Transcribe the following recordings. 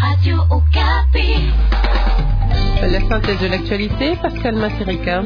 Radio La synthèse de l'actualité, Pascal matirica.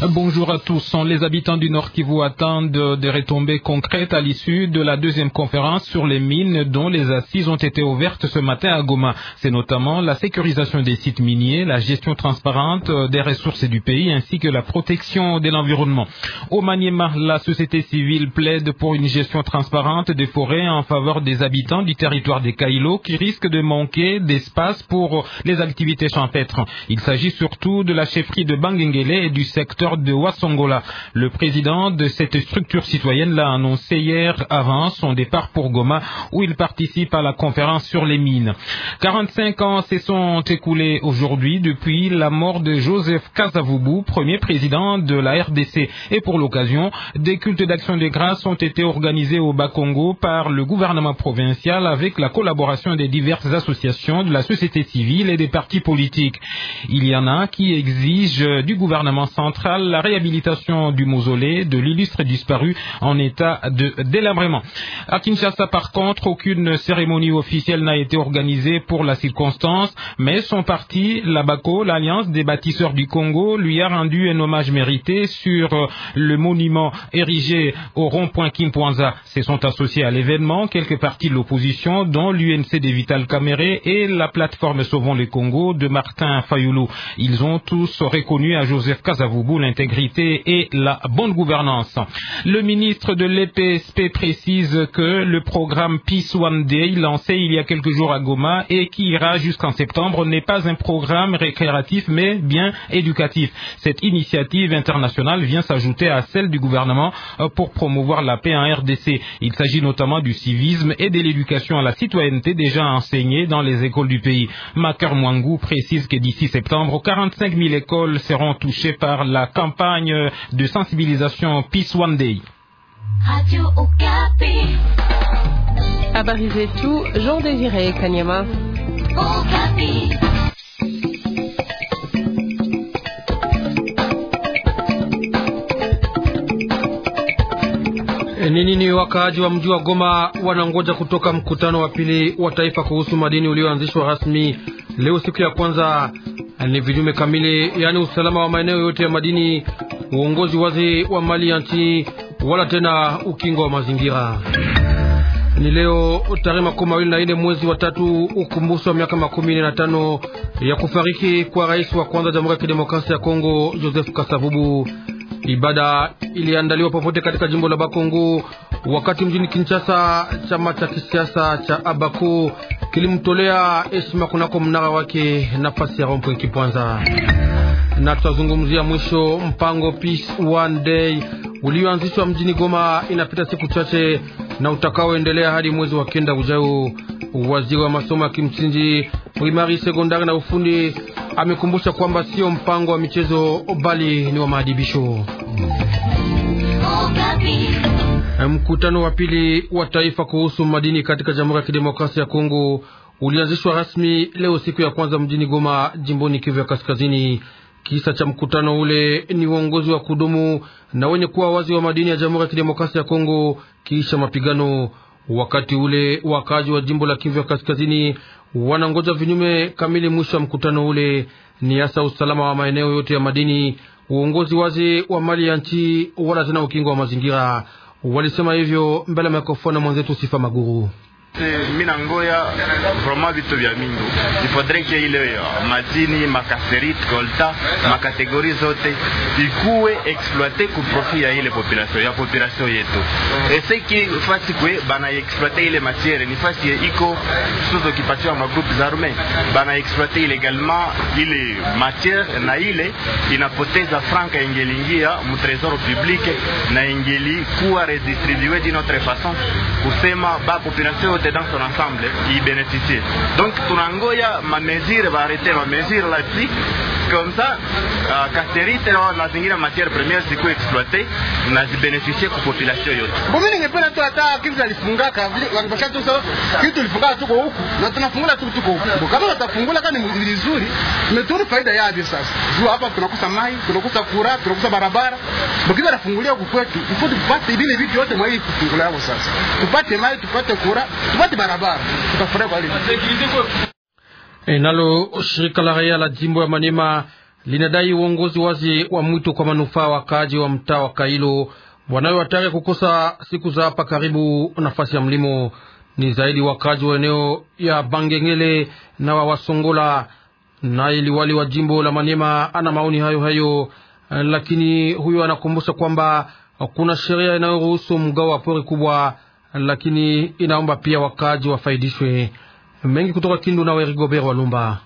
Bonjour à tous. sont Les habitants du Nord qui vous attendent des retombées concrètes à l'issue de la deuxième conférence sur les mines dont les assises ont été ouvertes ce matin à Goma. C'est notamment la sécurisation des sites miniers, la gestion transparente euh, des ressources du pays ainsi que la protection de l'environnement. Au Maniema, la société civile plaide pour une gestion transparente des forêts en faveur des habitants du territoire des Kailo qui risquent de manquer d'espace pour les activités champêtres. Il s'agit surtout de la chefferie de Bangengele et du secteur de Wassongola. Le président de cette structure citoyenne l'a annoncé hier avant son départ pour Goma où il participe à la conférence sur les mines. 45 ans se sont écoulés aujourd'hui depuis la mort de Joseph Kazavubu, premier président de la RDC. Et pour l'occasion, des cultes d'action de grâce ont été organisés au Bas-Congo par le gouvernement provincial avec la collaboration des diverses associations de la société civile et des partis politiques. Il y en a qui exigent du gouvernement central la réhabilitation du mausolée de l'illustre disparu en état de délabrement. À Kinshasa, par contre, aucune cérémonie officielle n'a été organisée pour la circonstance, mais son parti, l'ABACO, l'Alliance des bâtisseurs du Congo, lui a rendu un hommage mérité sur euh, le monument érigé au rond-point Kimpoanza. Se sont associés à l'événement quelques partis de l'opposition, dont l'UNC des Vital Caméré et la plateforme Sauvons les Congo de Martin Fayoulou. Ils ont tous reconnu à Joseph Kazavubu intégrité et la bonne gouvernance. Le ministre de l'EPSP précise que le programme Peace One Day, lancé il y a quelques jours à Goma et qui ira jusqu'en septembre, n'est pas un programme récréatif mais bien éducatif. Cette initiative internationale vient s'ajouter à celle du gouvernement euh, pour promouvoir la paix en RDC. Il s'agit notamment du civisme et de l'éducation à la citoyenneté déjà enseignée dans les écoles du pays. Maker Mwangu précise que d'ici septembre, 45 000 écoles seront touchées par la campagne de sensibilisation Peace One Day. Radio Okapi. Habari tout, Jean Désiré Kanyama. Okapi. Eh, ni nini wakaaji wa mji wa Goma wanangoja kutoka mkutano wa pili wa taifa kuhusu madini ulioanzishwa rasmi leo siku ya kwanza ni vinyume kamili, yaani usalama wa maeneo yote ya madini, uongozi wazi wa mali ya nchi, wala tena ukingo wa mazingira. Ni leo tarehe makumi mawili na nne mwezi wa tatu, ukumbusho wa miaka makumi nne na tano ya kufariki kwa rais wa kwanza Jamhuri ya Kidemokrasia ya Kongo Joseph Kasavubu. Ibada iliandaliwa popote katika jimbo la Bakongo, wakati mjini Kinshasa chama cha kisiasa cha abaku kilimtolea heshima kunako mnara wake nafasi ya Rond-Point Na tutazungumzia mwisho mpango Peace One Day ulioanzishwa mjini Goma, inapita siku chache na utakaoendelea hadi mwezi wa kenda ujao. Waziri wa masomo ya kimsingi primari, sekondari na ufundi amekumbusha kwamba sio mpango wa michezo bali ni wa maadibisho. Oh, Mkutano wa pili wa taifa kuhusu madini katika Jamhuri ya Kidemokrasia ya Kongo ulianzishwa rasmi leo siku ya kwanza mjini Goma, jimboni Kivu ya Kaskazini. Kisa cha mkutano ule ni uongozi wa kudumu na wenye kuwa wazi wa madini ya Jamhuri ya Kidemokrasia ya Kongo kisha mapigano. Wakati ule wakazi wa jimbo la Kivu ya Kaskazini wanangoja vinyume kamili mwisho wa mkutano ule, ni hasa usalama wa maeneo yote ya madini, uongozi wazi wa mali ya nchi, wala tena ukingo wa mazingira. Walisema hivyo mbele ya mikrofoni mwenzetu Sifa Maguru. Mina ngoya vrema vitu vya mingi ifodreke ile ya madini makaferite kolta makategori zote ikuwe exploite ku profit ya ile population ya population yetu. Eseki fasi kwe bana exploite ile matiere ni fasi ya iko suzo kipatiwa ma groupes arme bana exploite illegalement ile matiere na ile inapoteza franka ingelingia mu trésor public na ingeli kuwa redistribuer d'une autre façon kusema ba population dans son ensemble qui bénéficie. Donc ma mesure va arrêter. Ma mesure, la Comme ça uh, ah, kaserite na mazingira matiere premiere zikuwe exploite na zibenefisie kwa population yote. Mimi ningependa tu hata kitu tulifungaka vile tu sawa kitu tulifungaka tuko huku na tunafungula tu tuko huku. Kama watafungula kani vizuri, umetuna faida yapi sasa? Juu hapa tunakosa mai, tunakosa kura, tunakosa barabara. Bakiwa nafungulia huku kwetu, ifudi tupate hivi vitu yote mwa hii kufungula hapo sasa. Tupate mai, tupate kura, tupate barabara. Tutafurahi kwa hili. Nalo shirika la raia la jimbo ya Manema linadai uongozi wazi wa mwito kwa manufaa wakaaji wa mtaa wa Kailo wanayo hatari kukosa siku za hapa karibu nafasi ya mlimo. Ni zaidi wakaaji wa eneo ya Bangengele na wa Wasongola. Naye liwali wa jimbo la Manema ana maoni hayo hayo, lakini huyo anakumbusha kwamba kuna sheria inayoruhusu mgao wa pori kubwa, lakini inaomba pia wakaaji wafaidishwe mengi kutoka Kindu na Werigobert Lumba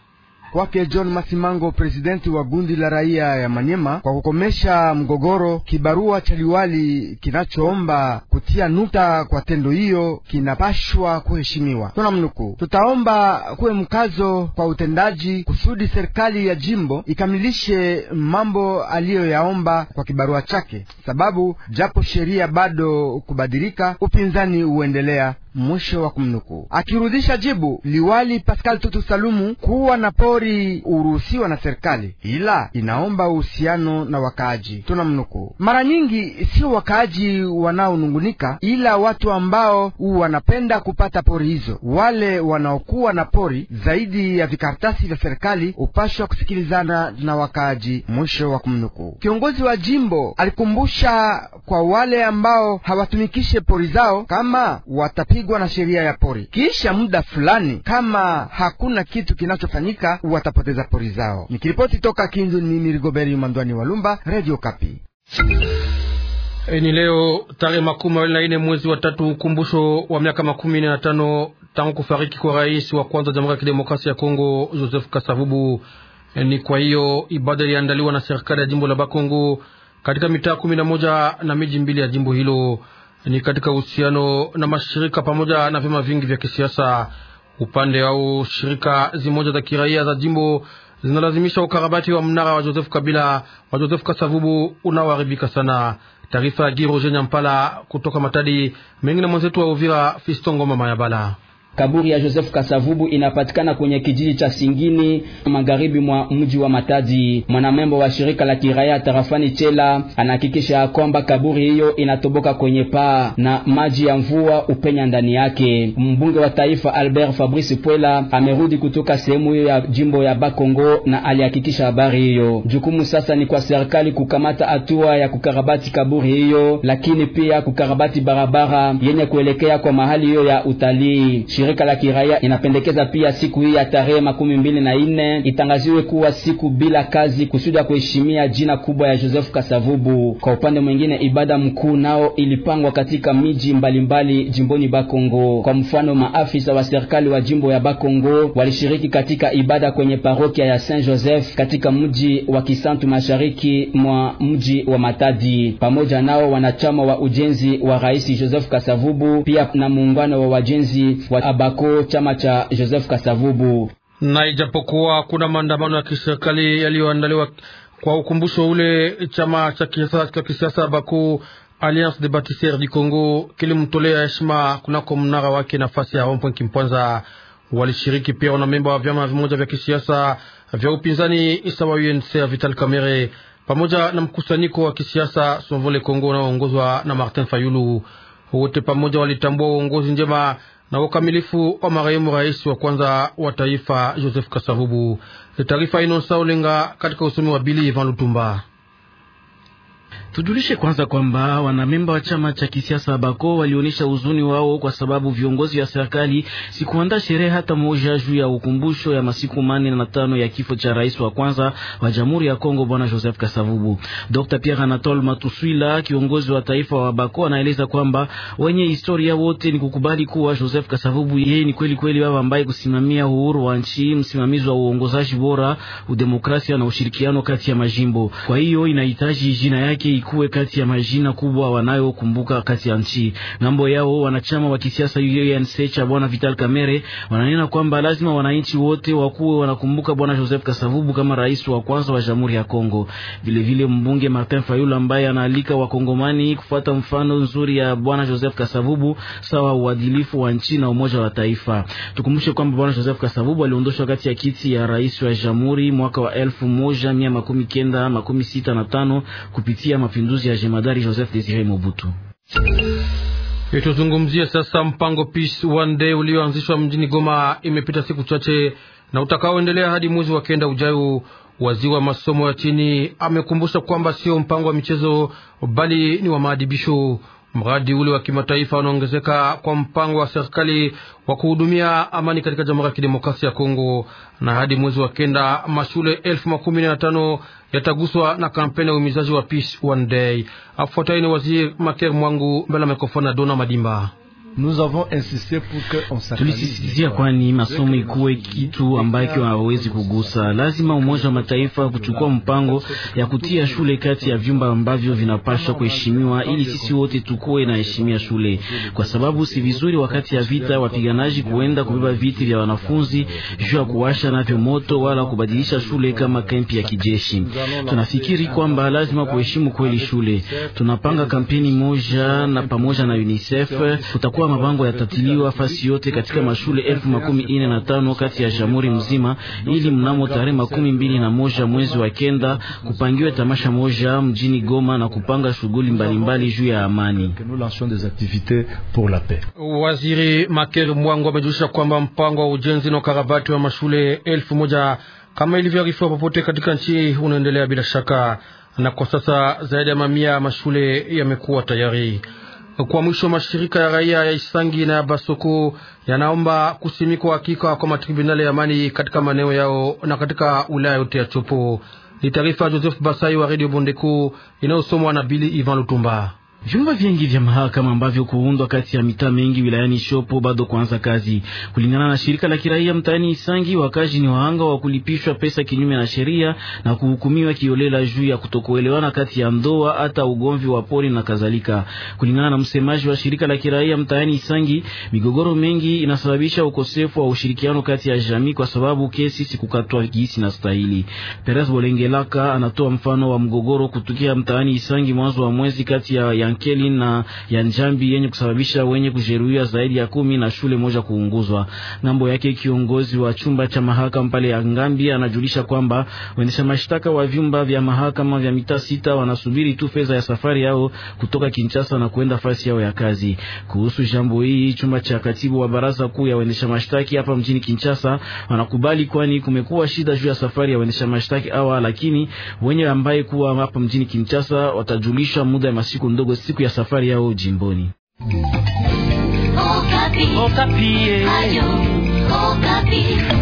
kwake John Masimango, presidenti wa gundi la raia ya Manyema, kwa kukomesha mgogoro, kibarua cha liwali kinachoomba kutia nukta kwa tendo hiyo kinapashwa kuheshimiwa. mnuku, tutaomba kuwe mkazo kwa utendaji kusudi serikali ya jimbo ikamilishe mambo aliyoyaomba kwa kibarua chake, sababu japo sheria bado kubadilika, upinzani huendelea Mwisho wa kumnuku. Akirudisha jibu liwali Pascal Tutu Salumu kuwa na pori uruhusiwa na serikali, ila inaomba uhusiano na wakaaji. Tuna mnuku, mara nyingi sio wakaaji wanaonungunika, ila watu ambao wanapenda kupata pori hizo. Wale wanaokuwa na pori zaidi ya vikaratasi vya serikali upashwa kusikilizana na wakaaji. Mwisho wa kumnuku. Kiongozi wa jimbo alikumbusha kwa wale ambao hawatumikishe pori zao kama watapiga kupigwa na sheria ya pori. Kisha muda fulani, kama hakuna kitu kinachofanyika, watapoteza pori zao. Nikiripoti toka Kindu, mimi Rigoberi Mandwani Walumba, Radio Kapi. Eh, ni leo tarehe makumi mawili na ine mwezi wa tatu, ukumbusho wa miaka makumi na tano tangu kufariki kwa rais wa kwanza wa Jamhuri ya Kidemokrasia ya Kongo Joseph Kasavubu. Eh, ni kwa hiyo ibada iliandaliwa na serikali ya jimbo la Bakongo katika mitaa kumi na moja na miji mbili ya jimbo hilo ni katika uhusiano na mashirika pamoja na vyama vingi vya kisiasa. Upande wao shirika zimoja za kiraia za jimbo zinalazimisha ukarabati wa mnara wa Joseph Kabila wa Joseph Kasavubu unaoharibika sana. Taarifa ya Giroje Nyampala kutoka Matadi mengi na mwenzetu wa Uvira Fistongo Mama Kaburi ya Joseph Kasavubu inapatikana kwenye kijiji cha Singini magharibi mwa mji wa Matadi. Mwanamembo wa shirika la kiraia tarafani Chela anahakikisha kwamba kaburi hiyo inatoboka kwenye paa na maji ya mvua upenya ndani yake. Mbunge wa taifa Albert Fabrice Pwela amerudi kutoka sehemu hiyo ya jimbo ya Bakongo na alihakikisha habari hiyo. Jukumu sasa ni kwa serikali kukamata hatua ya kukarabati kaburi hiyo, lakini pia kukarabati barabara yenye kuelekea kwa mahali hiyo ya utalii. Shirika la kiraia inapendekeza pia siku hii ya tarehe makumi mbili na nne itangaziwe kuwa siku bila kazi kusudi ya kuheshimia jina kubwa ya Joseph Kasavubu. Kwa upande mwingine, ibada mkuu nao ilipangwa katika miji mbalimbali mbali jimboni Bakongo. Kwa mfano, maafisa wa serikali wa jimbo ya Bakongo walishiriki katika ibada kwenye parokia ya Saint Joseph katika mji wa Kisantu mashariki mwa mji wa Matadi. Pamoja nao wanachama wa ujenzi wa Rais Joseph Kasavubu pia na muungano wa wajenzi wa Bako, chama cha Joseph Kasavubu. Na ijapokuwa kuna maandamano ya kiserikali yaliyoandaliwa kwa ukumbusho ule, chama cha kisiasa Bako Alliance des Bâtisseurs du Congo kilimtolea heshima kunako mnara wake nafasi ya Rond-Point Kimpwanza. Walishiriki pia memba wa vyama vimoja vya kisiasa vya upinzani sawa UNC ya Vital Kamerhe pamoja na mkusanyiko wa kisiasa Somvole Kongo unaoongozwa na Martin Fayulu. Wote pamoja walitambua uongozi njema na ukamilifu wa marehemu rais wa kwanza wa taifa Joseph Kasavubu. Taarifa inosaulinga katika usomi wa Bili Ivan Lutumba. Tujulishe kwanza kwamba wanamemba wa chama cha kisiasa Bako walionyesha huzuni wao kwa sababu viongozi wa serikali sikuandaa sherehe hata moja juu ya ukumbusho ya masiku manne na tano ya kifo cha rais wa kwanza wa Jamhuri ya Kongo Bwana Joseph Kasavubu. Dr. Pierre Anatole Matuswila, kiongozi wa taifa wa Bako, anaeleza kwamba wenye historia wote ni kukubali kuwa Joseph Kasavubu yeye ni kweli kweli baba ambaye kusimamia uhuru wa nchi, msimamizi wa uongozaji bora, udemokrasia na ushirikiano kati ya majimbo. Kwa hiyo inahitaji jina yake ikuwe kati ya majina kubwa wanayokumbuka kati ya nchi. Ngambo yao wanachama wa kisiasa UNC cha bwana Vital Kamerhe wananena kwamba lazima wananchi wote wakuwe wanakumbuka bwana Joseph Kasavubu kama rais wa kwanza wa Jamhuri ya Kongo. Vilevile mbunge Martin Fayulu ambaye anaalika wakongomani kufuata mfano nzuri ya bwana Joseph Kasavubu sawa uadilifu wa nchi na umoja wa taifa. Tukumbushe kwamba bwana Joseph Kasavubu aliondoshwa kati ya kiti ya rais wa jamhuri mwaka wa elfu moja mia makumi kenda makumi sita na tano kupitia mapinduzi ya jemadari Joseph Desire Mobutu. Tuzungumzie sasa mpango Peace One Day ulioanzishwa mjini Goma, imepita siku chache na utakaoendelea hadi mwezi wa kenda ujayo Waziri wa masomo ya chini amekumbusha kwamba sio mpango wa michezo, bali ni wa maadibisho. Mradi ule wa kimataifa unaongezeka kwa mpango wa serikali wa kuhudumia amani katika Jamhuri ya Kidemokrasia ya Kongo, na hadi mwezi wa kenda mashule elfu makumi na tano yataguswa na kampeni ya uhimizaji wa Peace One Day. ni Waziri Mater Mwangu mbele ya mikrofoni ya Dona Madimba. Tulisisitizia kwani masomo ikuwe kitu ambacho hawawezi kugusa. Lazima Umoja wa Mataifa kuchukua mpango ya kutia shule kati ya vyumba ambavyo vinapaswa kuheshimiwa, ili sisi wote tukuwe na heshimia shule, kwa sababu si vizuri wakati ya vita wapiganaji kuenda kubeba viti vya wanafunzi juu ya kuwasha navyo moto wala kubadilisha shule kama kampi ya kijeshi. Tunafikiri kwamba lazima kuheshimu kweli shule. Tunapanga kampeni moja na pamoja na UNICEF tutakuwa kuwa mabango yatatiliwa fasi yote katika mashule elfu makumi ine na tano kati ya jamhuri mzima, ili mnamo tarehe makumi mbili na moja mwezi wa kenda kupangiwe tamasha moja mjini Goma na kupanga shughuli mbalimbali juu ya amani. Waziri Makel Mwangu amejulisha kwamba mpango wa ujenzi na no ukarabati wa mashule elfu moja kama ilivyoarifiwa popote katika nchi unaendelea bila shaka, na kwa sasa zaidi ya mamia ya mashule yamekuwa tayari. Kwa mwisho, mashirika ya raia ya Isangi na ya Basoko yanaomba kusimikwa hakika kwa matribunali ya amani katika maeneo yao na katika wilaya yote ya Chopo. Ni taarifa ya Joseph Basai wa Radio Bondeko inayosomwa na Bili Ivan Lutumba. Vyumba vingi vya mahakama ambavyo kuundwa kati ya mitaa mengi wilayani Shopo bado kuanza kazi. Kulingana na shirika la kiraia mtaani Isangi, wakazi ni wahanga wa kulipishwa pesa kinyume na sheria na kuhukumiwa kiolela juu ya kutokuelewana kati ya ndoa, hata ugomvi wa pori na kadhalika. Kulingana na msemaji wa shirika la kiraia mtaani Isangi, migogoro mengi inasababisha ukosefu wa ushirikiano kati ya jamii kwa sababu kesi sikukatwa gisi na stahili. Peres Bolengelaka anatoa mfano wa mgogoro kutukia mtaani Isangi mwanzo wa mwezi kati ya Nankeli na ya Njambi yenye kusababisha wenye kujeruhiwa zaidi ya kumi na shule moja kuunguzwa. Ngambo yake kiongozi wa chumba cha mahakama pale ya Ngambi anajulisha kwamba waendesha mashtaka wa vyumba vya mahakama vya mitaa sita wanasubiri tu fedha ya safari yao kutoka Kinshasa na kuenda fasi yao ya kazi. Kuhusu jambo hili, chumba cha katibu wa baraza kuu ya waendesha mashtaki hapa mjini Kinshasa wanakubali, kwani kumekuwa shida juu ya safari ya waendesha mashtaki hawa, lakini wenye ambaye kuwa hapa mjini Kinshasa watajulishwa muda ya masiku ndogo siku ya safari yao jimboni. Okapi. Okapi. Eh. Ayo. Okapi.